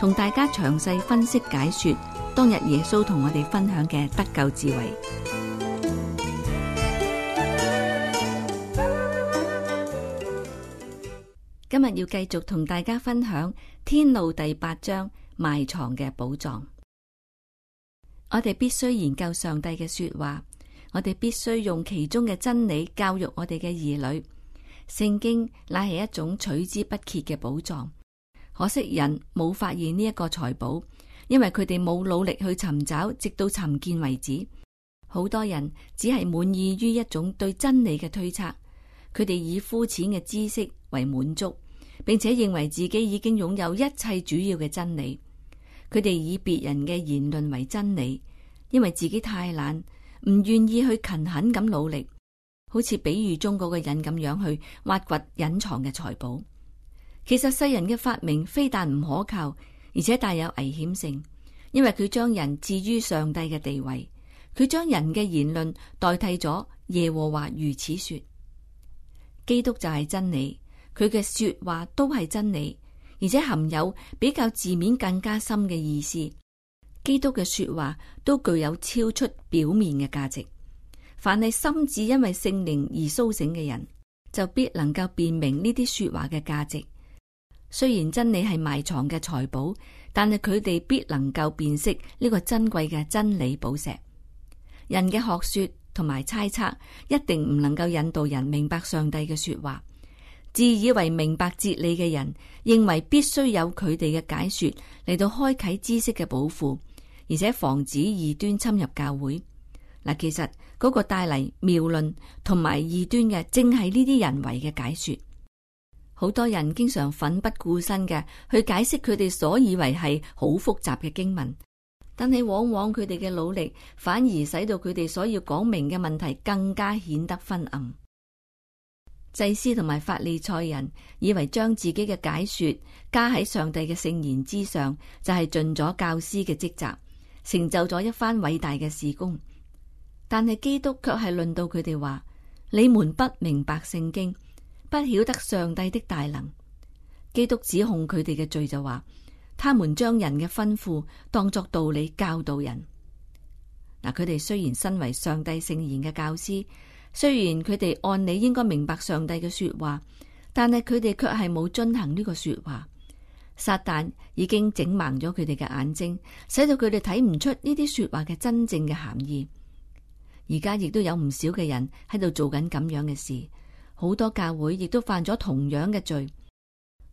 同大家詳細分析解說，當日耶穌同我哋分享嘅得救智慧。今日要繼續同大家分享《天路》第八章埋藏嘅寶藏。我哋必須研究上帝嘅說話，我哋必須用其中嘅真理教育我哋嘅兒女。聖經乃係一種取之不竭嘅寶藏。可惜人冇發現呢一個財寶，因為佢哋冇努力去尋找，直到尋見為止。好多人只係滿意於一種對真理嘅推測，佢哋以膚淺嘅知識為滿足，並且認為自己已經擁有一切主要嘅真理。佢哋以別人嘅言論為真理，因為自己太懶，唔願意去勤懇咁努力，好似比喻中嗰個人咁樣去挖掘隱藏嘅財寶。其實世人嘅發明非但唔可靠，而且帶有危險性，因為佢將人置於上帝嘅地位，佢將人嘅言論代替咗耶和華如此說。基督就係真理，佢嘅說話都係真理，而且含有比較字面更加深嘅意思。基督嘅說話都具有超出表面嘅價值。凡係心智因為聖靈而蘇醒嘅人，就必能夠辨明呢啲說話嘅價值。雖然真理係埋藏嘅財寶，但係佢哋必能夠辨識呢個珍貴嘅真理寶石。人嘅學說同埋猜測一定唔能夠引導人明白上帝嘅說話。自以為明白哲理嘅人，認為必須有佢哋嘅解說嚟到開啟知識嘅寶庫，而且防止異端侵入教會。嗱，其實嗰個帶嚟謬論同埋異端嘅，正係呢啲人為嘅解說。好多人經常奮不顧身嘅去解釋佢哋所以為係好複雜嘅經文，但係往往佢哋嘅努力反而使到佢哋所要講明嘅問題更加顯得昏暗。祭司同埋法利賽人以為將自己嘅解說加喺上帝嘅聖言之上，就係盡咗教師嘅職責，成就咗一番偉大嘅事功。但係基督卻係論到佢哋話：「你們不明白聖經。」不曉得上帝的大能，基督指控佢哋嘅罪就話：他們將人嘅吩咐當作道理教導人。嗱、啊，佢哋雖然身為上帝聖言嘅教師，雖然佢哋按理應該明白上帝嘅說話，但係佢哋卻係冇遵行呢個說話。撒旦已經整盲咗佢哋嘅眼睛，使到佢哋睇唔出呢啲說話嘅真正嘅含義。而家亦都有唔少嘅人喺度做緊咁樣嘅事。好多教會亦都犯咗同樣嘅罪。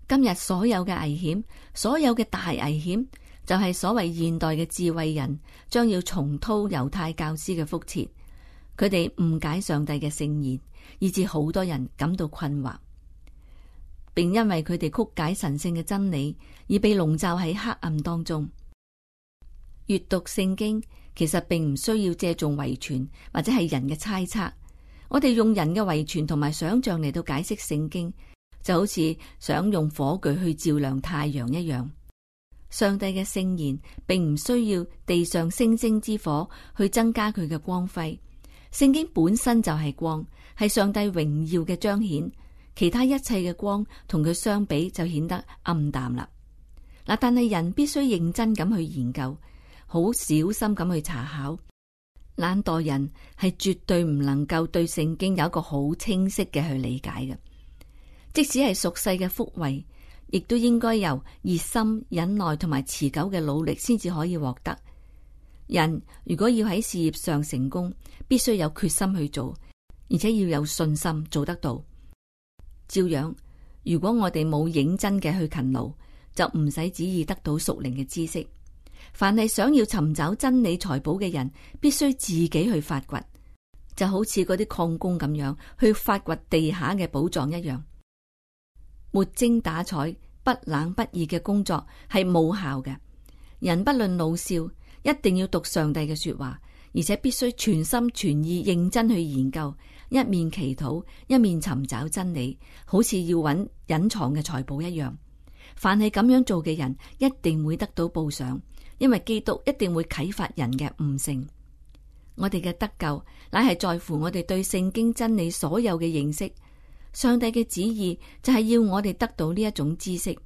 今日所有嘅危險，所有嘅大危險，就係所謂現代嘅智慧人將要重蹈猶太教師嘅覆轍。佢哋誤解上帝嘅聖言，以致好多人感到困惑，並因為佢哋曲解神聖嘅真理，而被籠罩喺黑暗當中。閱讀聖經其實並唔需要借重遺傳或者係人嘅猜測。我哋用人嘅遺傳同埋想象嚟到解釋聖經，就好似想用火炬去照亮太陽一樣。上帝嘅聖言並唔需要地上星星之火去增加佢嘅光輝。聖經本身就係光，係上帝榮耀嘅彰顯。其他一切嘅光同佢相比就顯得暗淡啦。嗱，但係人必須認真咁去研究，好小心咁去查考。懶惰人係絕對唔能夠對聖經有一個好清晰嘅去理解嘅，即使係俗世嘅福惠，亦都應該由熱心、忍耐同埋持久嘅努力先至可以獲得。人如果要喺事業上成功，必須有決心去做，而且要有信心做得到。照樣，如果我哋冇認真嘅去勤勞，就唔使旨意得到屬靈嘅知識。凡係想要尋找真理財寶嘅人，必須自己去發掘，就好似嗰啲礦工咁樣去發掘地下嘅寶藏一樣。沒精打采、不冷不熱嘅工作係冇效嘅。人不論老少，一定要讀上帝嘅說話，而且必須全心全意、認真去研究，一面祈禱，一面尋找真理，好似要揾隱藏嘅財寶一樣。凡係咁樣做嘅人，一定會得到報賞。因為基督一定會啟發人嘅悟性，我哋嘅得救乃係在乎我哋對聖經真理所有嘅認識。上帝嘅旨意就係要我哋得到呢一種知識，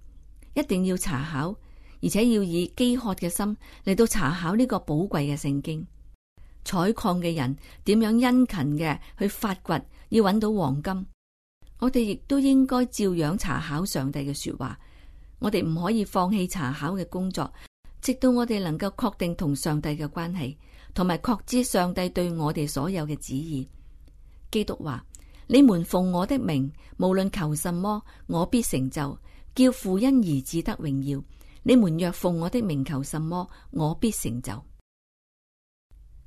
一定要查考，而且要以飢渴嘅心嚟,到查考呢個寶貴嘅聖經。採礦嘅人點樣殷勤嘅去發掘，要搵到黃金。我哋亦都應該照樣查考上帝嘅說話。我哋唔可以放棄查考嘅工作。直到我哋能夠確定同上帝嘅關係，同埋確知上帝對我哋所有嘅旨意，基督話：你們奉我的名，無論求什麼，我必成就，叫父恩而至得榮耀。你們若奉我的名，求什麼，我必成就。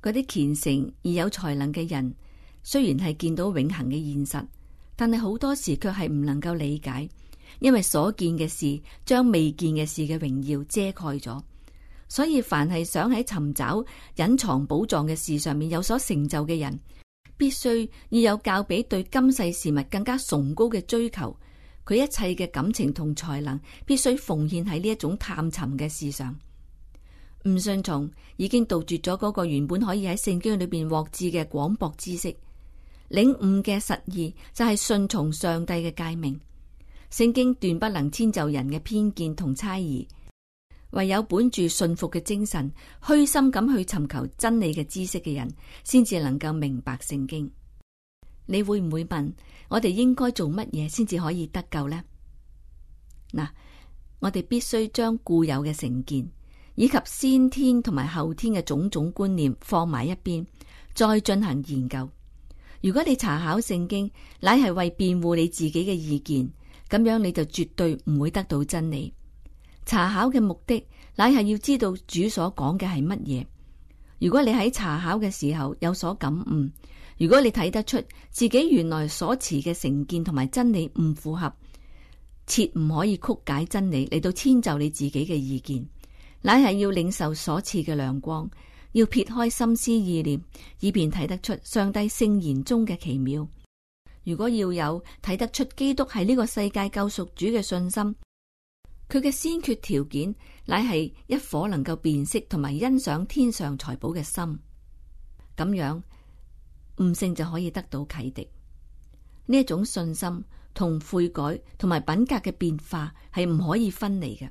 嗰啲虔誠而有才能嘅人，雖然係見到永恒嘅現實，但係好多時卻係唔能夠理解，因為所見嘅事將未見嘅事嘅榮耀遮蓋咗。所以，凡係想喺尋找隱藏寶藏嘅事上面有所成就嘅人，必須要有較比對今世事物更加崇高嘅追求。佢一切嘅感情同才能，必須奉獻喺呢一種探尋嘅事上。唔順從已經杜絕咗嗰個原本可以喺聖經裏邊獲知嘅廣博知識。領悟嘅實意就係順從上帝嘅誡命。聖經斷不能遷就人嘅偏見同猜疑。唯有本住信服嘅精神，虛心咁去尋求真理嘅知識嘅人，先至能夠明白聖經。你會唔會問，我哋應該做乜嘢先至可以得救呢？嗱，我哋必須將固有嘅成見，以及先天同埋後天嘅種種觀念放埋一邊，再進行研究。如果你查考聖經，乃係為辯護你自己嘅意見，咁樣你就絕對唔會得到真理。查考嘅目的乃係要知道主所講嘅係乜嘢。如果你喺查考嘅時候有所感悟，如果你睇得出自己原來所持嘅成見同埋真理唔符合，切唔可以曲解真理嚟到遷就你自己嘅意見，乃係要領受所賜嘅亮光，要撇開心思意念，以便睇得出上帝聖言中嘅奇妙。如果要有睇得出基督係呢個世界救贖主嘅信心。佢嘅先決條件乃係一顆能夠辨識同埋欣賞天上財寶嘅心，咁樣悟性就可以得到啟迪。呢一種信心同悔改同埋品格嘅變化係唔可以分離嘅。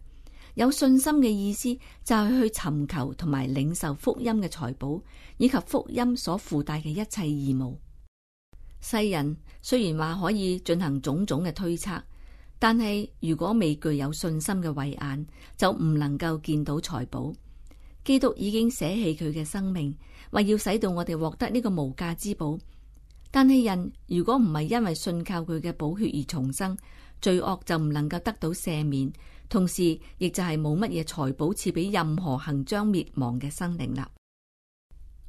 有信心嘅意思就係去尋求同埋領受福音嘅財寶，以及福音所附帶嘅一切義務。世人雖然話可以進行種種嘅推測。但係，如果未具有信心嘅慧眼，就唔能夠見到財寶。基督已經捨棄佢嘅生命，為要使到我哋獲得呢個無價之寶。但係，人如果唔係因為信靠佢嘅寶血而重生，罪惡就唔能夠得到赦免，同時亦就係冇乜嘢財寶賜俾任何行將滅亡嘅生靈啦。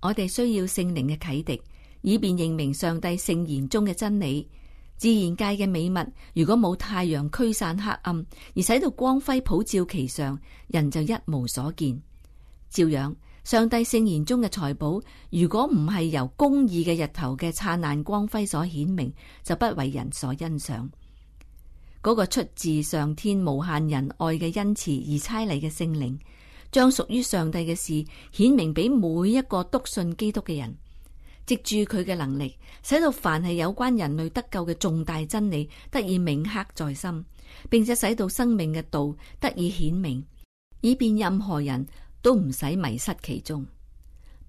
我哋需要聖靈嘅啟迪，以便認明上帝聖言中嘅真理。自然界嘅美物，如果冇太陽驅散黑暗而使到光輝普照其上，人就一無所見。照樣，上帝聖言中嘅財寶，如果唔係由公義嘅日頭嘅燦爛光輝所顯明，就不爲人所欣賞。嗰個出自上天無限仁愛嘅恩賜而差嚟嘅聖靈，將屬於上帝嘅事顯明俾每一個篤信基督嘅人。藉住佢嘅能力，使到凡係有關人類得救嘅重大真理得以銘刻在心，並且使到生命嘅道得以顯明，以便任何人都唔使迷失其中。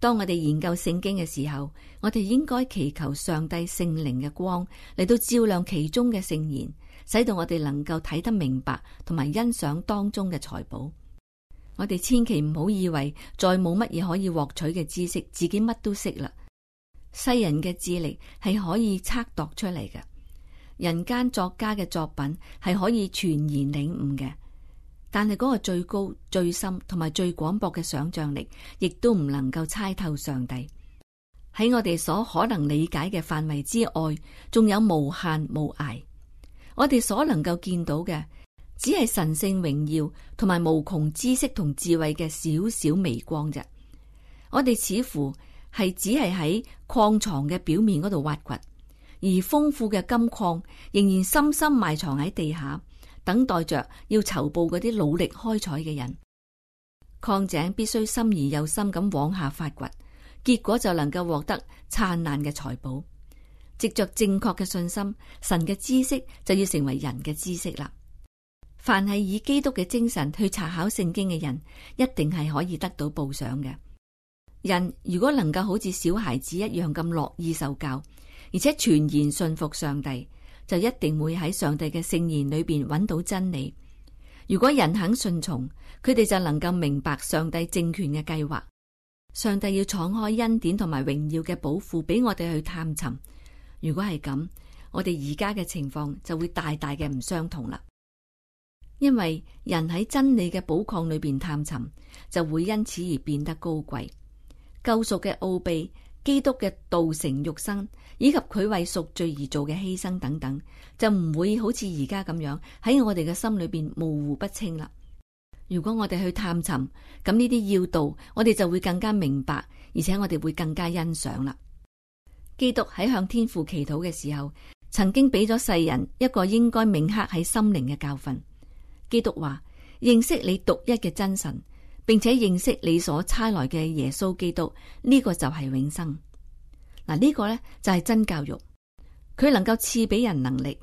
當我哋研究聖經嘅時候，我哋應該祈求上帝聖靈嘅光嚟到照亮其中嘅聖言，使到我哋能夠睇得明白，同埋欣賞當中嘅財寶。我哋千祈唔好以為再冇乜嘢可以獲取嘅知識，自己乜都識啦。世人嘅智力係可以測度出嚟嘅，人間作家嘅作品係可以全然領悟嘅，但係嗰個最高、最深同埋最廣博嘅想象力，亦都唔能夠猜透上帝，喺我哋所可能理解嘅範圍之外，仲有無限無涯。我哋所能夠見到嘅，只係神聖榮耀同埋無窮知識同智慧嘅小小微光啫。我哋似乎係只係喺礦床嘅表面嗰度挖掘，而豐富嘅金礦仍然深深埋藏喺地下，等待着要酬報嗰啲努力開採嘅人。礦井必須深而又深咁往下發掘，結果就能夠獲得燦爛嘅財寶。藉着正確嘅信心，神嘅知識就要成為人嘅知識啦。凡係以基督嘅精神去查考聖經嘅人，一定係可以得到報賞嘅。人如果能夠好似小孩子一樣咁樂意受教，而且全然信服上帝，就一定會喺上帝嘅聖言裏邊揾到真理。如果人肯順從，佢哋就能夠明白上帝政權嘅計劃。上帝要敞開恩典同埋榮耀嘅寶庫俾我哋去探尋。如果係咁，我哋而家嘅情況就會大大嘅唔相同啦。因為人喺真理嘅寶礦裏邊探尋，就會因此而變得高貴。救贖嘅奧秘、基督嘅道成肉身，以及佢為贖罪而做嘅犧牲等等，就唔會好似而家咁樣喺我哋嘅心裏面模糊不清啦。如果我哋去探尋，咁呢啲要道，我哋就會更加明白，而且我哋會更加欣賞啦。基督喺向天父祈禱嘅時候，曾經俾咗世人一個應該銘刻喺心靈嘅教訓。基督話：認識你獨一嘅真神。並且認識你所差來嘅耶穌基督，呢、呢個就係永生。嗱，呢個呢就係、是、真教育，佢能夠賜俾人能力。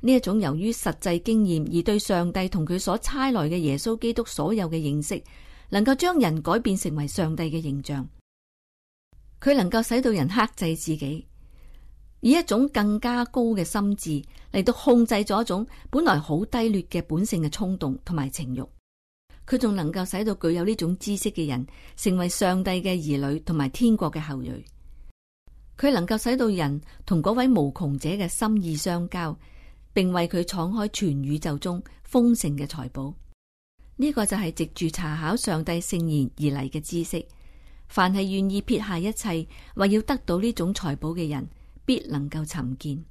呢一種由於實際經驗而對上帝同佢所差來嘅耶穌基督所有嘅認識，能夠將人改變成為上帝嘅形象。佢能夠使到人克制自己，以一種更加高嘅心智嚟到控制咗一種本來好低劣嘅本性嘅衝動同埋情欲。佢仲能夠使到具有呢種知識嘅人成為上帝嘅兒女，同埋天國嘅後裔。佢能夠使到人同嗰位無窮者嘅心意相交，並為佢敞開全宇宙中豐盛嘅財寶。呢、這個就係藉住查考上帝聖言而嚟嘅知識。凡係願意撇下一切，或要得到呢種財寶嘅人，必能夠尋見。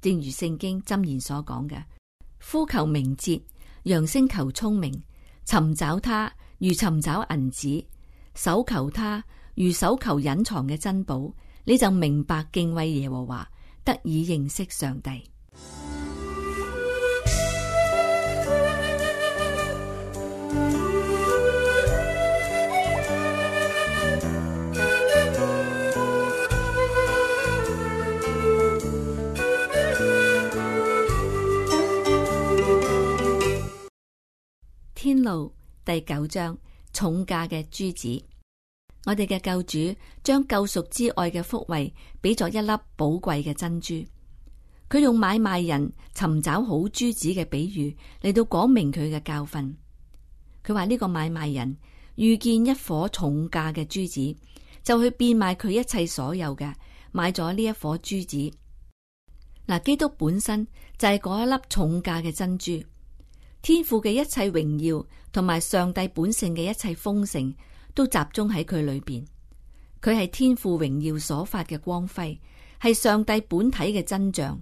正如聖經箴言所講嘅：「呼求明哲，揚聲求聰明。尋找他如尋找銀子，搜求他如搜求隱藏嘅珍寶，你就明白敬畏耶和華，得以認識上帝。第九章，重價嘅珠子。我哋嘅救主將救贖之愛嘅福惠俾咗一粒寶貴嘅珍珠。佢用買賣人尋找好珠子嘅比喻嚟到講明佢嘅教訓。佢話呢個買賣人遇見一顆重價嘅珠子，就去變賣佢一切所有嘅，買咗呢一顆珠子。嗱，基督本身就係嗰一粒重價嘅珍珠，天父嘅一切榮耀同埋上帝本性嘅一切豐盛都集中喺佢裏邊，佢係天父榮耀所發嘅光輝，係上帝本體嘅真像，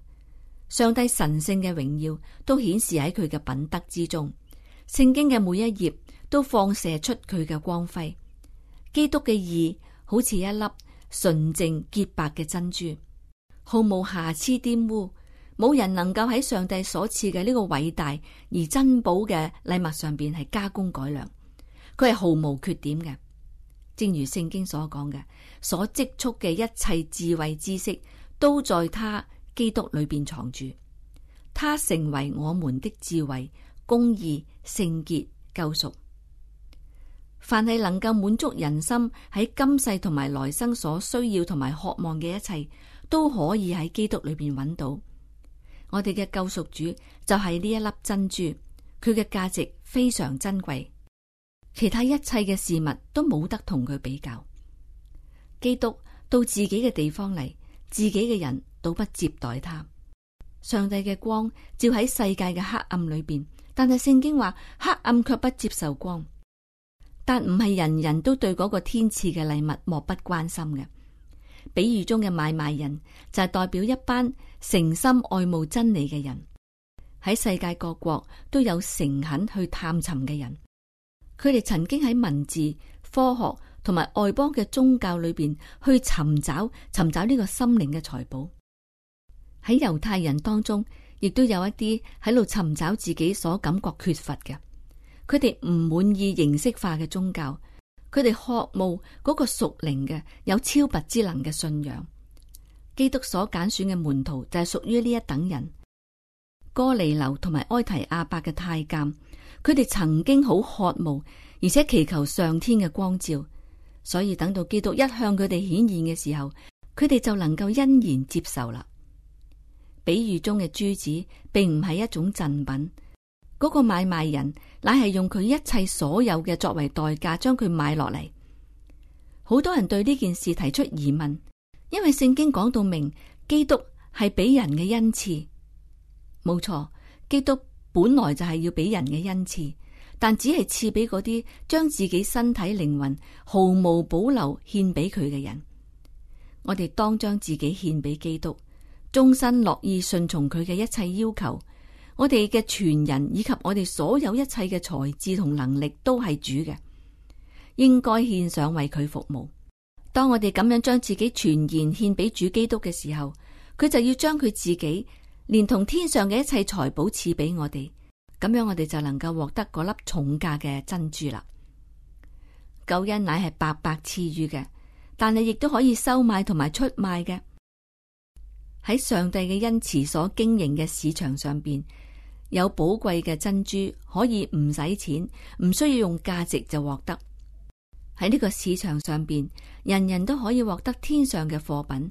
上帝神聖嘅榮耀都顯示喺佢嘅品德之中，聖經嘅每一頁都放射出佢嘅光輝，基督嘅義好似一粒純淨潔白嘅珍珠，毫無瑕疵玷污。冇人能夠喺上帝所賜嘅呢個偉大而珍寶嘅禮物上邊係加工改良，佢係毫無缺點嘅。正如聖經所講嘅，所積蓄嘅一切智慧知識，都在他基督裏邊藏住。他成為我們的智慧、公義、聖潔、救贖。凡係能夠滿足人心喺今世同埋來生所需要同埋渴望嘅一切，都可以喺基督裏邊揾到。我哋嘅救贖主就係呢一粒珍珠，佢嘅價值非常珍貴，其他一切嘅事物都冇得同佢比較。基督到自己嘅地方嚟，自己嘅人倒不接待他。上帝嘅光照喺世界嘅黑暗裏邊，但係聖經話，黑暗卻不接受光。但唔係人人都對嗰個天賜嘅禮物漠不關心嘅。比喻中嘅買賣人就係代表一班誠心愛慕真理嘅人，喺世界各國都有誠懇去探尋嘅人。佢哋曾經喺文字、科學同埋外邦嘅宗教裏邊去尋找尋找呢個心靈嘅財寶。喺猶太人當中，亦都有一啲喺度尋找自己所感覺缺乏嘅，佢哋唔滿意形式化嘅宗教。佢哋渴慕嗰個屬靈嘅、有超拔之能嘅信仰，基督所揀選嘅門徒就係屬於呢一等人。哥尼流同埋埃提阿伯嘅太監，佢哋曾經好渴慕，而且祈求上天嘅光照，所以等到基督一向佢哋顯現嘅時候，佢哋就能夠欣然接受啦。比喻中嘅珠子並唔係一種贈品，嗰個買賣人。乃係用佢一切所有嘅作為代價將他下來，將佢買落嚟。好多人對呢件事提出疑問，因為聖經講到明，基督係俾人嘅恩賜，冇錯。基督本來就係要俾人嘅恩賜，但只係賜俾嗰啲將自己身體靈魂毫無保留獻俾佢嘅人。我哋當將自己獻俾基督，終身樂意順從佢嘅一切要求。我哋嘅全人以及我哋所有一切嘅才智同能力都係主嘅，應該獻上為佢服務。當我哋咁樣將自己全然獻俾主基督嘅時候，佢就要將佢自己連同天上嘅一切財寶賜俾我哋，咁樣我哋就能夠獲得嗰粒重價嘅珍珠啦。救恩乃係白白賜予嘅，但係亦都可以收買同埋出賣嘅，喺上帝嘅恩慈所經營嘅市場上邊。有寶貴嘅珍珠可以唔使錢，唔需要用價值就獲得。喺呢個市場上邊，人人都可以獲得天上嘅貨品，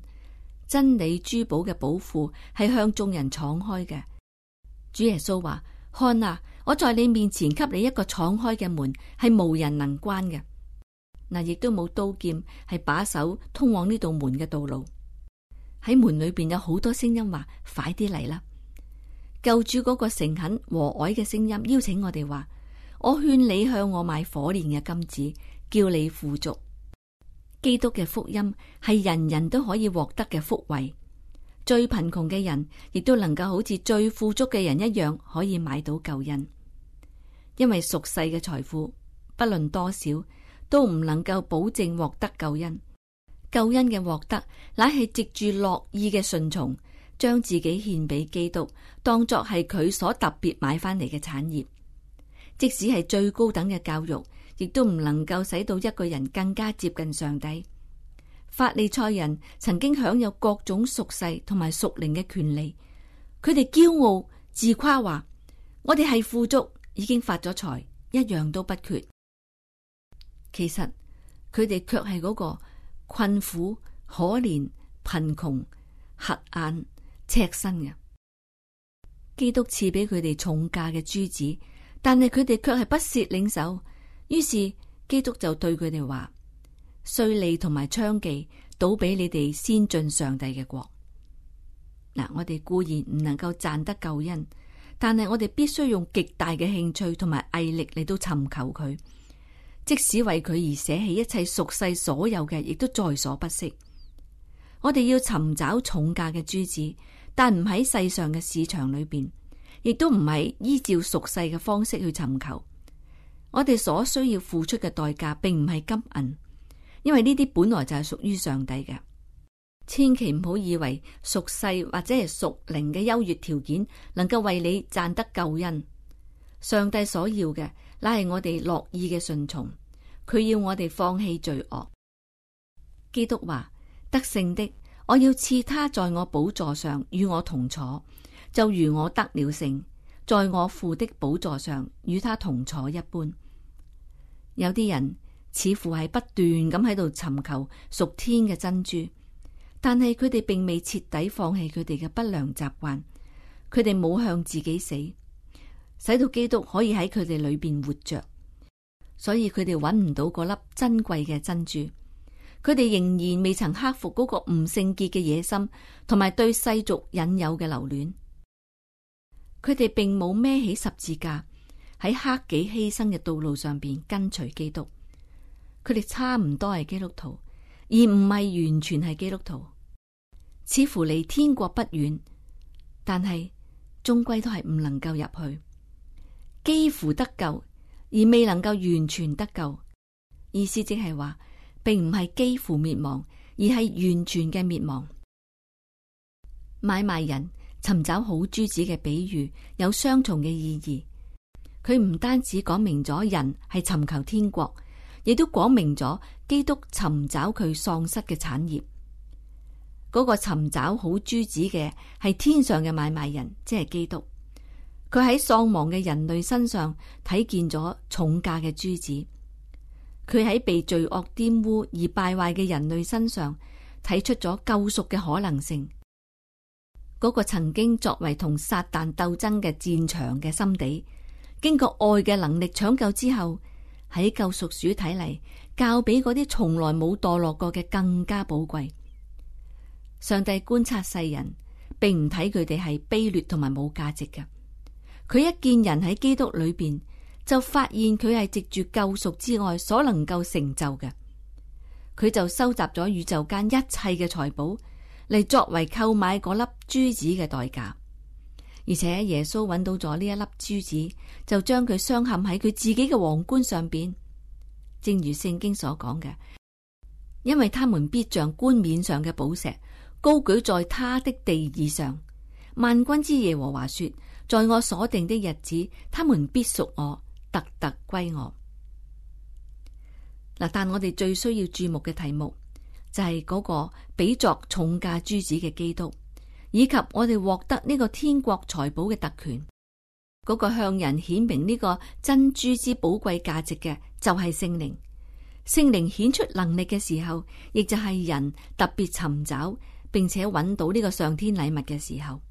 真理珠寶嘅寶庫係向眾人敞開嘅。主耶穌話：看啊，我在你面前，給你一個敞開嘅門，係無人能關嘅。嗱，亦都冇刀劍係把手通往呢道門嘅道路。喺門裏邊有好多聲音話：快啲嚟啦！救主嗰個誠懇和藹嘅聲音邀請我哋話：我勸你向我買火煉嘅金子，叫你富足。基督嘅福音係人人都可以獲得嘅福惠，最貧窮嘅人亦都能夠好似最富足嘅人一樣可以買到救恩，因為俗世嘅財富不論多少，都唔能夠保證獲得救恩。救恩嘅獲得乃係藉住樂意嘅順從。將自己獻俾基督，當作係佢所特別買翻嚟嘅產業。即使係最高等嘅教育，亦都唔能夠使到一個人更加接近上帝。法利賽人曾經享有各種屬世同埋屬靈嘅權利，佢哋驕傲自誇話：我哋係富足，已經發咗財，一樣都不缺。其實佢哋卻係嗰個困苦、可憐、貧窮、瞎眼。赤身嘅基督賜俾佢哋重價嘅珠子，但係佢哋卻係不屑領手。於是基督就對佢哋話：稅吏同埋娼妓倒俾你哋先進上帝嘅國。嗱，我哋固然唔能夠賺得救恩，但係我哋必須用極大嘅興趣同埋毅力嚟到尋求佢，即使為佢而捨棄一切俗世所有嘅，亦都在所不惜。我哋要尋找重價嘅珠子。但唔喺世上嘅市場裏邊，亦都唔係依照屬世嘅方式去尋求。我哋所需要付出嘅代價，並唔係金銀，因為呢啲本來就係屬於上帝嘅。千祈唔好以為屬世或者係屬靈嘅優越條件，能夠為你賺得救恩。上帝所要嘅，乃係我哋樂意嘅順從。佢要我哋放棄罪惡。基督話：得勝的。我要賜他在我寶座上與我同坐，就如我得了勝，在我父的寶座上與他同坐一般。有啲人似乎係不斷咁喺度尋求屬天嘅珍珠，但係佢哋並未徹底放棄佢哋嘅不良習慣，佢哋冇向自己死，使到基督可以喺佢哋裏邊活着，所以佢哋揾唔到嗰粒珍貴嘅珍珠。佢哋仍然未曾克服嗰個唔聖潔嘅野心，同埋對世俗引誘嘅留戀。佢哋並冇孭起十字架，喺克己犧牲嘅道路上邊跟隨基督。佢哋差唔多係基督徒，而唔係完全係基督徒。似乎離天國不遠，但係終歸都係唔能夠入去。幾乎得救，而未能夠完全得救。意思即係話。並唔係幾乎滅亡，而係完全嘅滅亡。買賣人尋找好珠子嘅比喻有雙重嘅意義，佢唔單止講明咗人係尋求天國，亦都講明咗基督尋找佢喪失嘅產業。嗰個尋找好珠子嘅係天上嘅買賣人，即係基督。佢喺喪亡嘅人類身上睇見咗重價嘅珠子。佢喺被罪惡玷污而敗壞嘅人類身上睇出咗救贖嘅可能性。嗰、那個曾經作為同撒旦鬥爭嘅戰場嘅心底，經過愛嘅能力搶救之後，喺救贖主睇嚟，教俾嗰啲從來冇墮落過嘅更加寶貴。上帝觀察世人，並唔睇佢哋係卑劣同埋冇價值嘅。佢一見人喺基督裏邊，就發現佢係藉住救贖之外所能夠成就嘅，佢就收集咗宇宙間一切嘅財寶嚟，作為購買嗰粒珠子嘅代價。而且耶穌揾到咗呢一粒珠子，就將佢鑲嵌喺佢自己嘅皇冠上邊。正如聖經所講嘅，因為他們必像冠冕上嘅寶石，高舉在他的地以上。萬軍之耶和華說：在我所定的日子，他們必屬我。特特歸我嗱，但我哋最需要注目嘅題目就係嗰個比作重價珠子嘅基督，以及我哋獲得呢個天國財寶嘅特權。嗰個向人顯明呢個珍珠之寶貴價值嘅就係聖靈。聖靈顯出能力嘅時候，亦就係人特別尋找並且揾到呢個上天禮物嘅時候。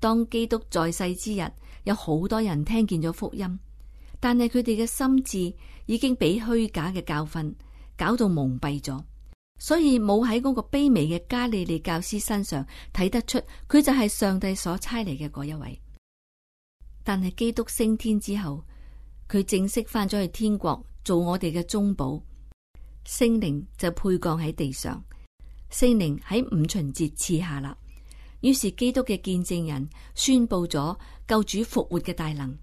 當基督在世之日，有好多人聽見咗福音。但係佢哋嘅心智已經俾虛假嘅教訓搞到蒙蔽咗，所以冇喺嗰個卑微嘅加利利教師身上睇得出佢就係上帝所差嚟嘅嗰一位。但係基督升天之後，佢正式翻咗去天國做我哋嘅中保，聖靈就沛降喺地上，聖靈喺五旬節賜下啦。於是基督嘅見證人宣佈咗救主復活嘅大能。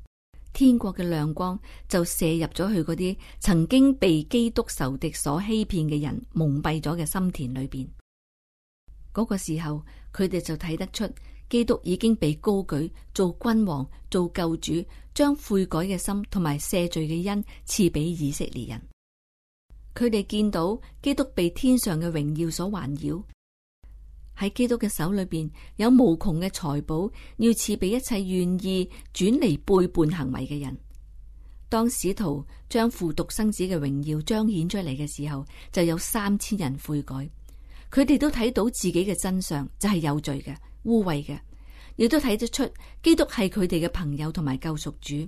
天國嘅亮光就射入咗去嗰啲曾經被基督仇敵所欺騙嘅人蒙蔽咗嘅心田裏邊。嗰個時候，佢哋就睇得出基督已經被高舉做君王，做救主，將悔改嘅心同埋赦罪嘅恩賜俾以色列人。佢哋見到基督被天上嘅榮耀所環繞。喺基督嘅手裏邊有無窮嘅財寶，要賜俾一切願意轉離背叛行為嘅人。當使徒將父獨生子嘅榮耀彰顯出嚟嘅時候，就有三千人悔改。佢哋都睇到自己嘅真相，就係、是、有罪嘅污穢嘅，亦都睇得出基督係佢哋嘅朋友同埋救贖主。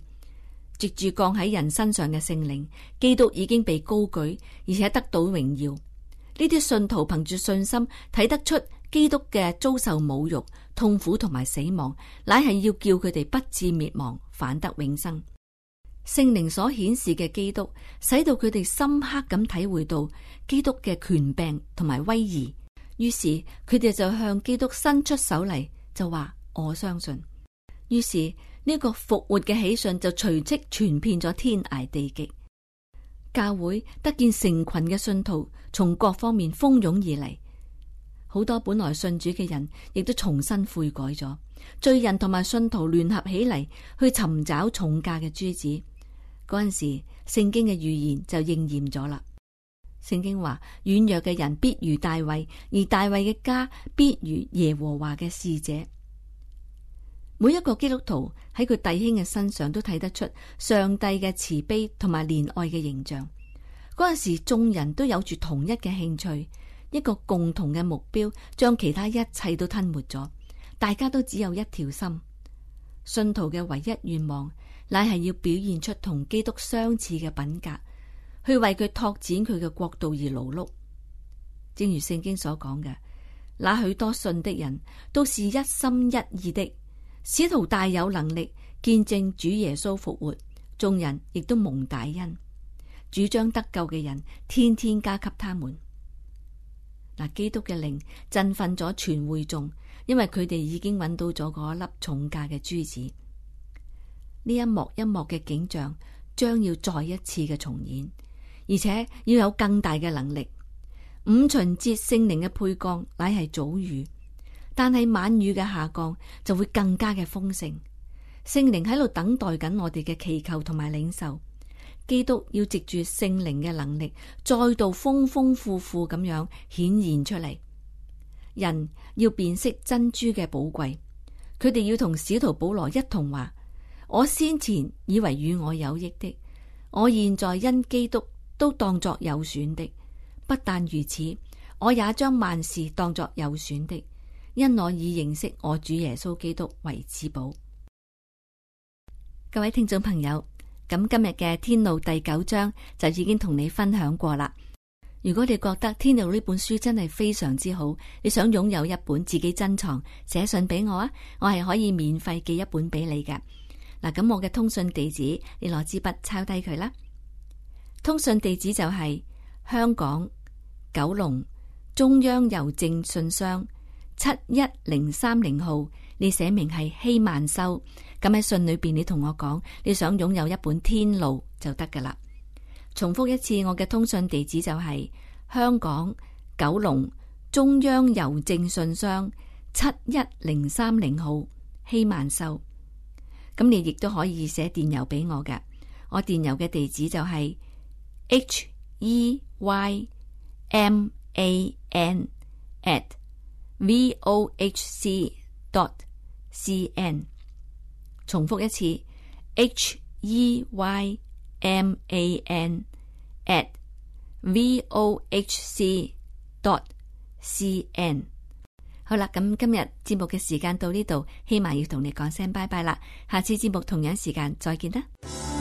藉住降喺人身上嘅聖靈，基督已經被高舉，而且得到榮耀。呢啲信徒憑住信心睇得出。基督嘅遭受侮辱，痛苦同埋死亡，乃係要叫佢哋不致滅亡，反得永生。聖靈所顯示嘅基督，使到佢哋深刻咁體會到基督嘅權柄同埋威儀。於是佢哋就向基督伸出手嚟，就話，我相信。於是呢個復活嘅喜訊就隨即傳遍咗天涯地極，教會得見成群嘅信徒從各方面蜂擁而嚟。好多本來信主嘅人，亦都重新悔改咗。罪人同埋信徒聯合起嚟，去尋找重價嘅珠子。嗰陣時，聖經嘅預言就應驗咗啦。聖經話：軟弱嘅人必如大衛，而大衛嘅家必如耶和華嘅使者。每一個基督徒喺佢弟兄嘅身上都睇得出上帝嘅慈悲同埋憐愛嘅形象。嗰陣時，眾人都有住同一嘅興趣。一個共同嘅目標將其他一切都吞沒咗，大家都只有一條心。信徒嘅唯一願望，乃係要表現出同基督相似嘅品格，去為佢拓展佢嘅國度而勞碌。正如聖經所講嘅，那許多信的人，都是一心一意的。使徒大有能力見證主耶穌復活，眾人亦都蒙大恩。主將得救嘅人天天加給他們。嗱，基督嘅靈振奮咗全會眾，因為佢哋已經揾到咗嗰一粒重價嘅珠子。呢一幕一幕嘅景象，將要再一次嘅重演，而且要有更大嘅能力。五旬節聖靈嘅沛降乃係早雨，但係晚雨嘅下降就會更加嘅豐盛。聖靈喺度等待緊我哋嘅祈求同埋領受。基督要藉住聖靈嘅能力，再度豐豐富富咁樣顯現出嚟。人要辨識珍珠嘅寶貴，佢哋要同使徒保羅一同話：我先前以為與我有益的，我現在因基督都當作有損的。不但如此，我也將萬事當作有損的，因我已認識我主耶穌基督為至寶。各位聽眾朋友。咁今日嘅《天路》第九章就已經同你分享過啦。如果你覺得《天路》呢本書真係非常之好，你想擁有一本自己珍藏，寫信俾我啊，我係可以免費寄一本俾你嘅。嗱，咁我嘅通訊地址，你攞支筆抄低佢啦。通訊地址就係香港九龍中央郵政信箱七一零三零號。你寫明係希曼修，咁喺信裏邊，你同我講你想擁有一本天路就得噶啦。重複一次我嘅通訊地址就係香港九龍中央郵政信箱七一零三零號希曼修。咁你亦都可以寫電郵俾我嘅，我電郵嘅地址就係 h e y m a n at v o h c。dot cn，重複一次，h e y m a n at v o h c dot cn，好啦，咁今日節目嘅時間到呢度，希望要同你講聲拜拜啦，下次節目同樣時間再見啦。